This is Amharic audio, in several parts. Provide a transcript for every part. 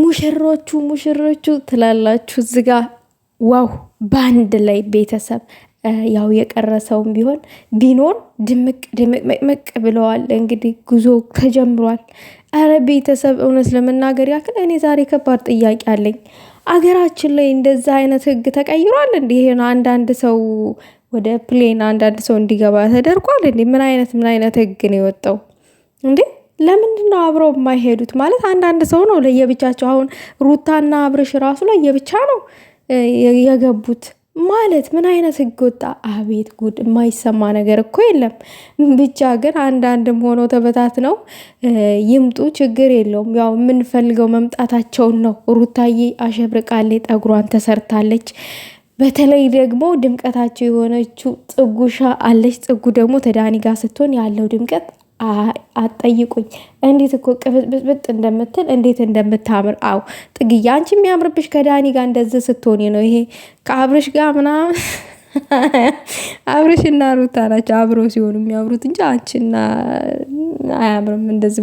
ሙሽሮቹ ሙሽሮቹ ትላላችሁ እዚጋ። ዋው! በአንድ ላይ ቤተሰብ ያው የቀረሰውም ቢሆን ቢኖር ድምቅ ድምቅ መቅመቅ ብለዋል። እንግዲህ ጉዞ ተጀምሯል። አረ ቤተሰብ፣ እውነት ለመናገር ያክል እኔ ዛሬ ከባድ ጥያቄ አለኝ። አገራችን ላይ እንደዛ አይነት ህግ ተቀይሯል? እንዲህ አንዳንድ ሰው ወደ ፕሌን አንዳንድ ሰው እንዲገባ ተደርጓል? እንዲ ምን አይነት ምን አይነት ህግ ነው የወጣው እንዴ? ለምንድን ነው አብረው የማይሄዱት? ማለት አንዳንድ ሰው ነው ለየብቻቸው። አሁን ሩታና አብርሽ ራሱ ለየብቻ ነው የገቡት። ማለት ምን አይነት ህግ ወጣ? አቤት ጉድ! የማይሰማ ነገር እኮ የለም። ብቻ ግን አንዳንድም ሆኖ ተበታት ነው ይምጡ፣ ችግር የለውም። ያው የምንፈልገው መምጣታቸውን ነው። ሩታዬ አሸብርቃለች፣ ጠጉሯን ተሰርታለች። በተለይ ደግሞ ድምቀታቸው የሆነችው ጽጉሻ አለች። ጽጉ ደግሞ ተዳኒ ጋር ስትሆን ያለው ድምቀት አጠይቁኝ እንዴት እኮ ቅብጥብጥ እንደምትል እንዴት እንደምታምር አው ጥግያ አንቺ የሚያምርብሽ ከዳኒ ጋር እንደዚህ ስትሆኔ ነው። ይሄ ከአብርሽ ጋር ምናምን አብርሽ እና ሩታ ናቸው አብረው ሲሆኑ የሚያምሩት እንጂ አንቺና አያምርም። እንደዚህ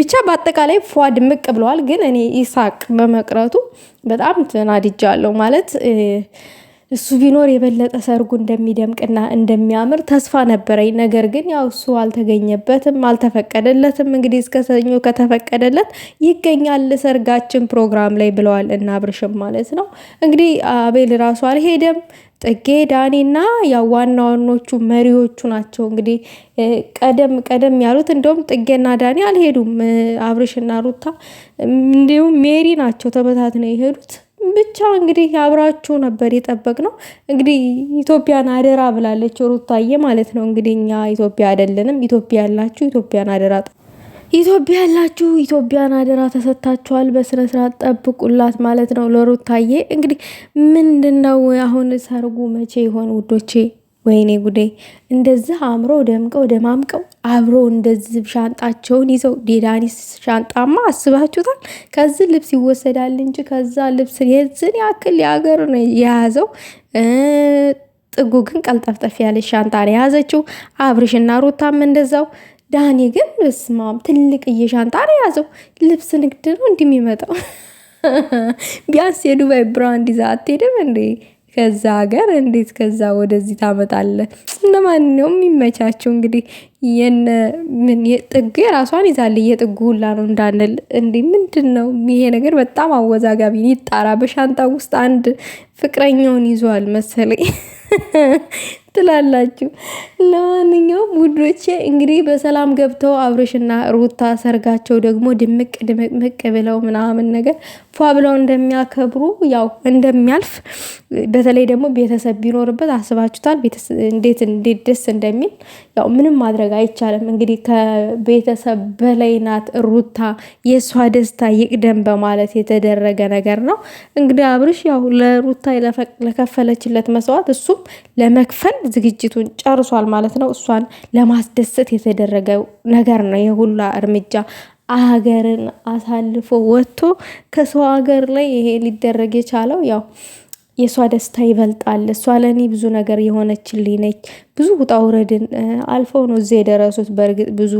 ብቻ በአጠቃላይ ፏ ድምቅ ብለዋል። ግን እኔ ኢሳቅ በመቅረቱ በጣም አለው ማለት እሱ ቢኖር የበለጠ ሰርጉ እንደሚደምቅና እንደሚያምር ተስፋ ነበረኝ። ነገር ግን ያው እሱ አልተገኘበትም፣ አልተፈቀደለትም። እንግዲህ እስከ ሰኞ ከተፈቀደለት ይገኛል ሰርጋችን ፕሮግራም ላይ ብለዋል እና አብርሽም ማለት ነው እንግዲህ አቤል ራሱ አልሄደም። ጥጌ ዳኔና ያው ዋና ዋኖቹ መሪዎቹ ናቸው። እንግዲህ ቀደም ቀደም ያሉት እንደውም ጥጌና ዳኔ አልሄዱም። አብርሽና ሩታ እንዲሁም ሜሪ ናቸው ተበታትነው የሄዱት። ብቻ እንግዲህ አብራችሁ ነበር የጠበቅ ነው። እንግዲህ ኢትዮጵያን አደራ ብላለች ሩታዬ ማለት ነው። እንግዲህ እኛ ኢትዮጵያ አይደለንም። ኢትዮጵያ ያላችሁ ኢትዮጵያን አደራ ኢትዮጵያ ያላችሁ ኢትዮጵያን አደራ ተሰጥታችኋል። በስነ ስርዓት ጠብቁላት ማለት ነው። ለሩታዬ እንግዲህ ምንድን ነው አሁን ሰርጉ መቼ ይሆን ውዶቼ? ወይኔ ጉዴ! እንደዚህ አምሮ ደምቀው ደማምቀው አብሮ እንደዚህ ሻንጣቸውን ይዘው ዴዳኒስ ሻንጣማ አስባችሁታል። ከዚህ ልብስ ይወሰዳል እንጂ ከዛ ልብስ የዝን ያክል የሀገር የያዘው ጥጉ ግን ቀልጠፍጠፍ ያለ ሻንጣ ነው የያዘችው። አብርሽና ሩታም እንደዛው። ዳኒ ግን በስማም ትልቅዬ ሻንጣ ነው የያዘው። ልብስ ንግድ ነው እንዲህ የሚመጣው። ቢያንስ የዱባይ ብራንድ ይዛ አትሄድም እንዴ? ከዛ ሀገር እንዴት ከዛ ወደዚህ ታመጣለ ለማንኛውም የሚመቻቸው እንግዲህ የነ ምን ጥጉ የራሷን ይዛል የጥጉ ሁላ ነው እንዳንል፣ እንዲ ምንድን ነው ይሄ ነገር? በጣም አወዛጋቢ ይጣራ። በሻንጣ ውስጥ አንድ ፍቅረኛውን ይዟል መሰለኝ ትላላችሁ። ለማንኛውም ውዶቼ እንግዲህ በሰላም ገብተው አብርሽና ሩታ ሰርጋቸው ደግሞ ድምቅ ድምቅምቅ ብለው ምናምን ነገር ፏ ብለው እንደሚያከብሩ ያው እንደሚያልፍ በተለይ ደግሞ ቤተሰብ ቢኖርበት አስባችሁታል፣ እንዴት እንዴት ደስ እንደሚል ያው ምንም ማድረግ ማድረግ አይቻልም። እንግዲህ ከቤተሰብ በላይ ናት ሩታ፣ የእሷ ደስታ ይቅደም በማለት የተደረገ ነገር ነው። እንግዲህ አብርሽ ያው ለሩታ ለከፈለችለት መስዋዕት እሱም ለመክፈል ዝግጅቱን ጨርሷል ማለት ነው። እሷን ለማስደሰት የተደረገ ነገር ነው የሁላ እርምጃ አገርን አሳልፎ ወጥቶ ከሰው ሀገር ላይ ይሄ ሊደረግ የቻለው ያው የእሷ ደስታ ይበልጣል። እሷ ለእኔ ብዙ ነገር የሆነችልኝ ነች። ብዙ ውጣ ውረድን አልፈው ነው እዚህ የደረሱት። በእርግጥ ብዙ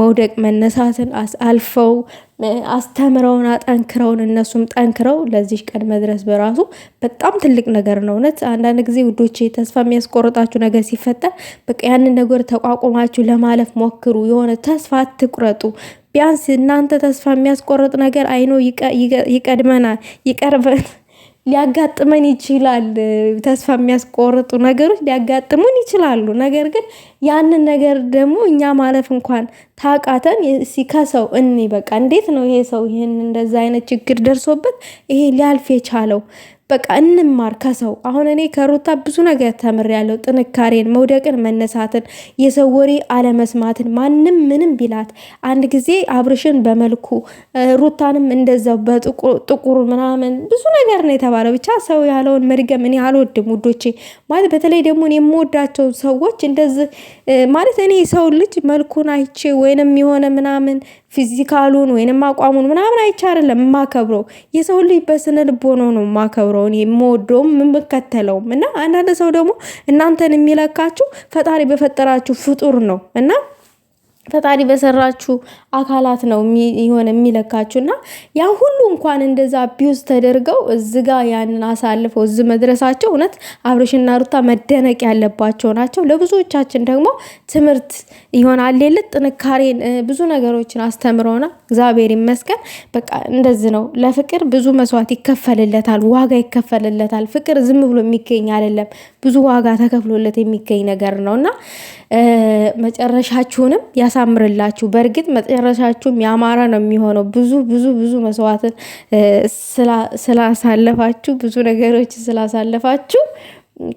መውደቅ መነሳትን አልፈው አስተምረውን አጠንክረውን እነሱም ጠንክረው ለዚህ ቀን መድረስ በራሱ በጣም ትልቅ ነገር ነው። እውነት አንዳንድ ጊዜ ውዶቼ ተስፋ የሚያስቆርጣችሁ ነገር ሲፈጠር በቃ ያንን ነገር ተቋቁማችሁ ለማለፍ ሞክሩ። የሆነ ተስፋ አትቁረጡ። ቢያንስ እናንተ ተስፋ የሚያስቆርጥ ነገር አይኖ ይቀድመናል ይቀርበን ሊያጋጥመን ይችላል። ተስፋ የሚያስቆርጡ ነገሮች ሊያጋጥሙን ይችላሉ። ነገር ግን ያንን ነገር ደግሞ እኛ ማለፍ እንኳን ታቃተን ሲከሰው እኔ በቃ እንዴት ነው ይሄ ሰው ይህን እንደዛ አይነት ችግር ደርሶበት ይሄ ሊያልፍ የቻለው በቃ እንማር ከሰው። አሁን እኔ ከሩታ ብዙ ነገር ተምሬያለሁ። ጥንካሬን፣ መውደቅን፣ መነሳትን፣ የሰው ወሬ አለመስማትን፣ ማንም ምንም ቢላት አንድ ጊዜ አብርሽን በመልኩ ሩታንም እንደዛው በጥቁር ምናምን ብዙ ነገር ነው የተባለው። ብቻ ሰው ያለውን መድገም እኔ አልወድም ውዶቼ። ማለት በተለይ ደግሞ የምወዳቸው ሰዎች እንደዚህ ማለት እኔ ሰው ልጅ መልኩን አይቼ ወይንም የሆነ ምናምን ፊዚካሉን ወይንም አቋሙን ምናምን አይቼ አይደለም የማከብረው የሰው ልጅ በስነ ልቦና ነው የማከብረው። የማከብረው የምወደውም የምከተለውም እና አንዳንድ ሰው ደግሞ እናንተን የሚለካችሁ ፈጣሪ በፈጠራችሁ ፍጡር ነው እና ፈጣሪ በሰራችሁ አካላት ነው የሆነ የሚለካችሁ እና ያ ሁሉ እንኳን እንደዛ አቢውዝ ተደርገው እዚ ጋ ያንን አሳልፈው እዚ መድረሳቸው እውነት አብርሽና ሩታ መደነቅ ያለባቸው ናቸው። ለብዙዎቻችን ደግሞ ትምህርት ይሆናል። ሌልት ጥንካሬን ብዙ ነገሮችን አስተምረውናል። እግዚአብሔር ይመስገን። በቃ እንደዚህ ነው። ለፍቅር ብዙ መስዋዕት ይከፈልለታል፣ ዋጋ ይከፈልለታል። ፍቅር ዝም ብሎ የሚገኝ አይደለም፣ ብዙ ዋጋ ተከፍሎለት የሚገኝ ነገር ነው እና መጨረሻችሁንም ያሳምርላችሁ። በእርግጥ መጨረሻችሁም ያማረ ነው የሚሆነው። ብዙ ብዙ ብዙ መስዋዕትን ስላሳለፋችሁ፣ ብዙ ነገሮች ስላሳለፋችሁ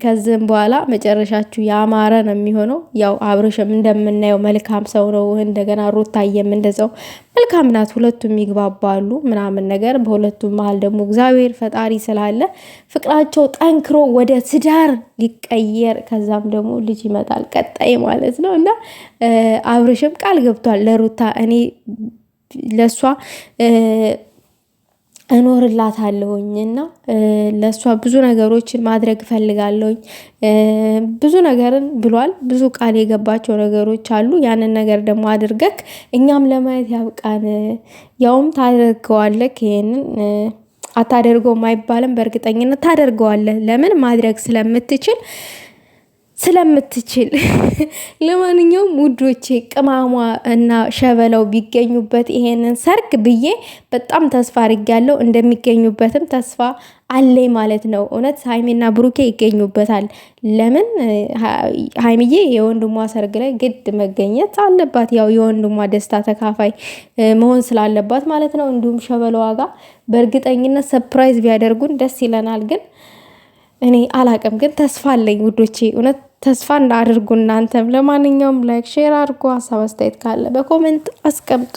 ከዚህም በኋላ መጨረሻችሁ ያማረ ነው የሚሆነው። ያው አብርሽም እንደምናየው መልካም ሰው ነው። እንደገና ሩታየም እንደዛው መልካም ናት። ሁለቱም ይግባባሉ ምናምን ነገር። በሁለቱም መሀል ደግሞ እግዚአብሔር ፈጣሪ ስላለ ፍቅራቸው ጠንክሮ ወደ ትዳር ሊቀየር ከዛም ደግሞ ልጅ ይመጣል ቀጣይ ማለት ነው እና አብርሽም ቃል ገብቷል ለሩታ እኔ ለእሷ እኖርላታለሁኝ እና ለእሷ ብዙ ነገሮችን ማድረግ እፈልጋለሁኝ። ብዙ ነገርን ብሏል ብዙ ቃል የገባቸው ነገሮች አሉ ያንን ነገር ደግሞ አድርገክ እኛም ለማየት ያብቃን። ያውም ታደርገዋለክ ይህንን አታደርገውም አይባልም በእርግጠኝነት ታደርገዋለህ ለምን ማድረግ ስለምትችል። ስለምትችል ለማንኛውም ውዶቼ ቅማሟ እና ሸበላው ቢገኙበት ይሄንን ሰርግ ብዬ በጣም ተስፋ አድርጊያለሁ። እንደሚገኙበትም ተስፋ አለኝ ማለት ነው። እውነት ሀይሜና ብሩኬ ይገኙበታል። ለምን ሀይምዬ የወንድሟ ሰርግ ላይ ግድ መገኘት አለባት። ያው የወንድሟ ደስታ ተካፋይ መሆን ስላለባት ማለት ነው። እንዲሁም ሸበላዋ ጋ በእርግጠኝነት ሰፕራይዝ ቢያደርጉን ደስ ይለናል። ግን እኔ አላቅም፣ ግን ተስፋ አለኝ ውዶቼ እውነት ተስፋ እንዳድርጉ እናንተም። ለማንኛውም ላይክ፣ ሼር አድርጎ ሀሳብ አስተያየት ካለ በኮመንት አስቀምጡ።